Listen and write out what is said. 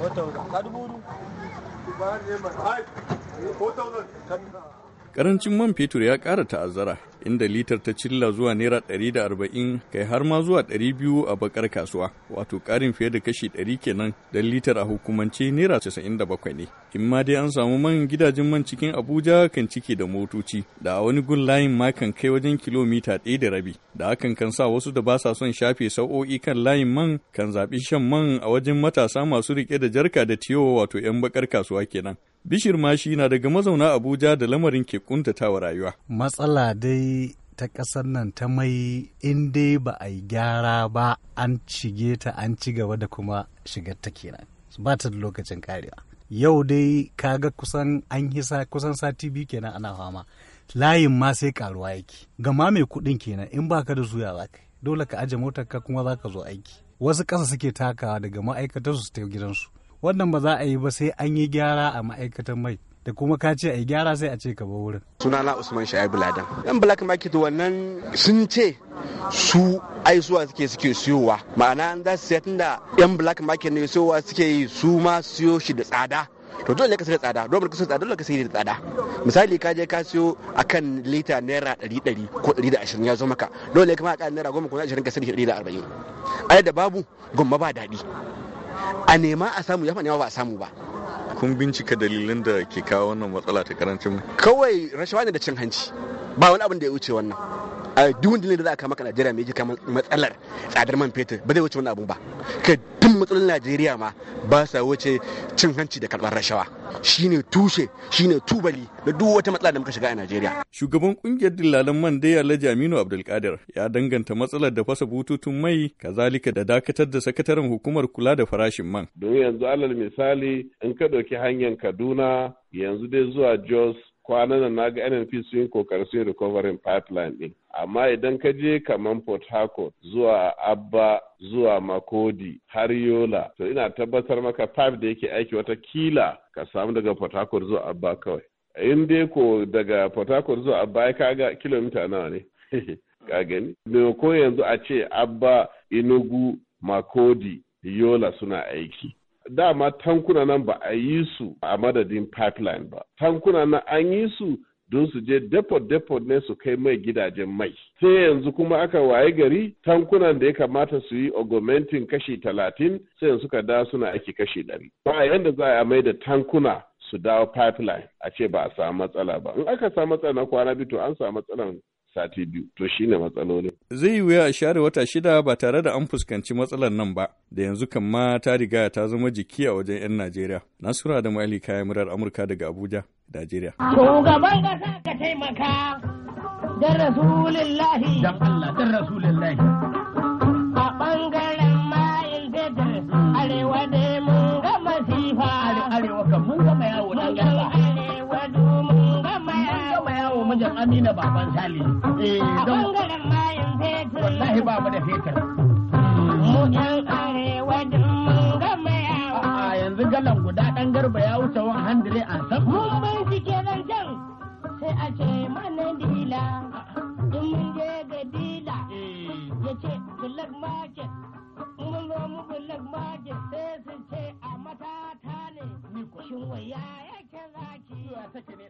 Bota o. Cadê o muro? Vai, né, mano. Vai. Bota o. Cadê Karancin man fetur ya ƙara ta'azzara inda litar ta cilla zuwa naira 140 kai har ma zuwa 200 a bakar kasuwa wato ƙarin fiye da kashi 100 kenan don litar a hukumance naira 97 ne in ma dai an samu man gidajen man cikin abuja kan cike da motoci da a wani gun layin ma kan kai wajen kilomita ɗaya da rabi da hakan kan sa wasu da ba sa son shafe sa'o'i kan layin man kan zaɓi shan man a wajen matasa masu riƙe da jarka da tiyo wato 'yan bakar kasuwa kenan Bishir shi na daga mazauna Abuja da lamarin ke kuntatawa rayuwa. Matsala dai ta ƙasar nan ta mai in dai ba a yi gyara ba an cige ta an ci gaba da kuma shigar ta kenan. Ba ta da lokacin karewa. Yau dai kaga kusan an hisa kusan sati biyu kenan ana fama. Layin ma sai karuwa yake. Gama mai kuɗin kenan in ba ka da zuya za ka dole ka aje motar ka kuma za ka zo aiki. Wasu ƙasa suke takawa daga ma'aikatar su ta gidansu. wannan ba za a yi ba sai an yi gyara a ma'aikatan mai da kuma ka ce a yi gyara sai a ce ka ba wurin sunana usman shaibu ladan yan black market wannan sun ce su ai suwa suke suke siyowa ma'ana an za su siya tunda yan black market ne siyowa suke yi su ma siyo shi da tsada to dole ka sai tsada dole ka sai tsada dole ka sai da tsada misali ka je ka siyo akan lita naira 100 ko 120 ya zo maka dole kuma ka naira 10 ko 20 ka sai 140 ai da babu gumma ba daɗi a nema a samu ya nema ba a samu ba kun bincika dalilin da ke kawo wannan matsala ta karancin kawai rashawa ne da cin hanci ba wani abin da ya wuce wannan a duk wanda da za a kama Najeriya mai jika matsalar tsadar man fetur ba zai wuce wani abu ba kai duk matsalar Najeriya ma ba sa wuce cin hanci da karɓar rashawa shine tushe shine tubali da duk wata matsala da muka shiga a Najeriya. Shugaban kungiyar dillalan man dai Alhaji Aminu Abdulkadir ya danganta matsalar da fasa bututun mai kazalika da dakatar da sakataren hukumar kula da farashin man. Don yanzu alal misali in ka ɗauki hanyar Kaduna yanzu dai zuwa Jos kwanan nan na ga nnp sun yi kokarin sun recovering pipeline din amma idan ka je kaman port harcourt zuwa abba zuwa makodi har yola to ina tabbatar maka pipe da yake aiki wata kila ka samu daga port harcourt zuwa abba kawai in dai ko daga port harcourt zuwa abba ya kaga kilomita nawa ne ka gani Me ko yanzu a ce abba inugu makodi yola suna aiki dama tankuna nan ba a yi su a madadin pipeline ba tankuna nan an yi su don su je depot-depot ne su kai mai gidajen mai. Sai yanzu kuma aka waye gari tankunan da ya kamata su yi augmentin kashi talatin sai yanzu ka da suna aiki kashi ɗari. Ba yanda za a mai da tankuna su dawo pipeline a ce ba a samu matsala ba. In aka samu matsala na kwana biyu to an samu matsalan sati biyu to shine matsalolin. Zai yi wuya a share wata shida ba tare da an fuskanci matsalar nan ba da yanzu kan ma ta riga ta zama jiki a wajen 'yan Najeriya. Nasura da ma'ali kayan murar Amurka daga Abuja, Najeriya. Shugaban kasa ka taimaka da Rasulillahi. A bangaren mayin arewa ne mun ga masifa. Arewa kan mun mijin Amina baban Sale. Eh don mayan fetur. Wallahi ba mu da fetur. Mu yan arewa mun gama yawa. A yanzu galan guda ɗan garba ya wuce 100 an san. Mun bai shi kenan can sai a ce mana dila. In mun je ga dila. Eh. Ya ce black market. Mun zo mu black market sai su ce a matata ne. Shin waya yake zaki. Zuwa take ne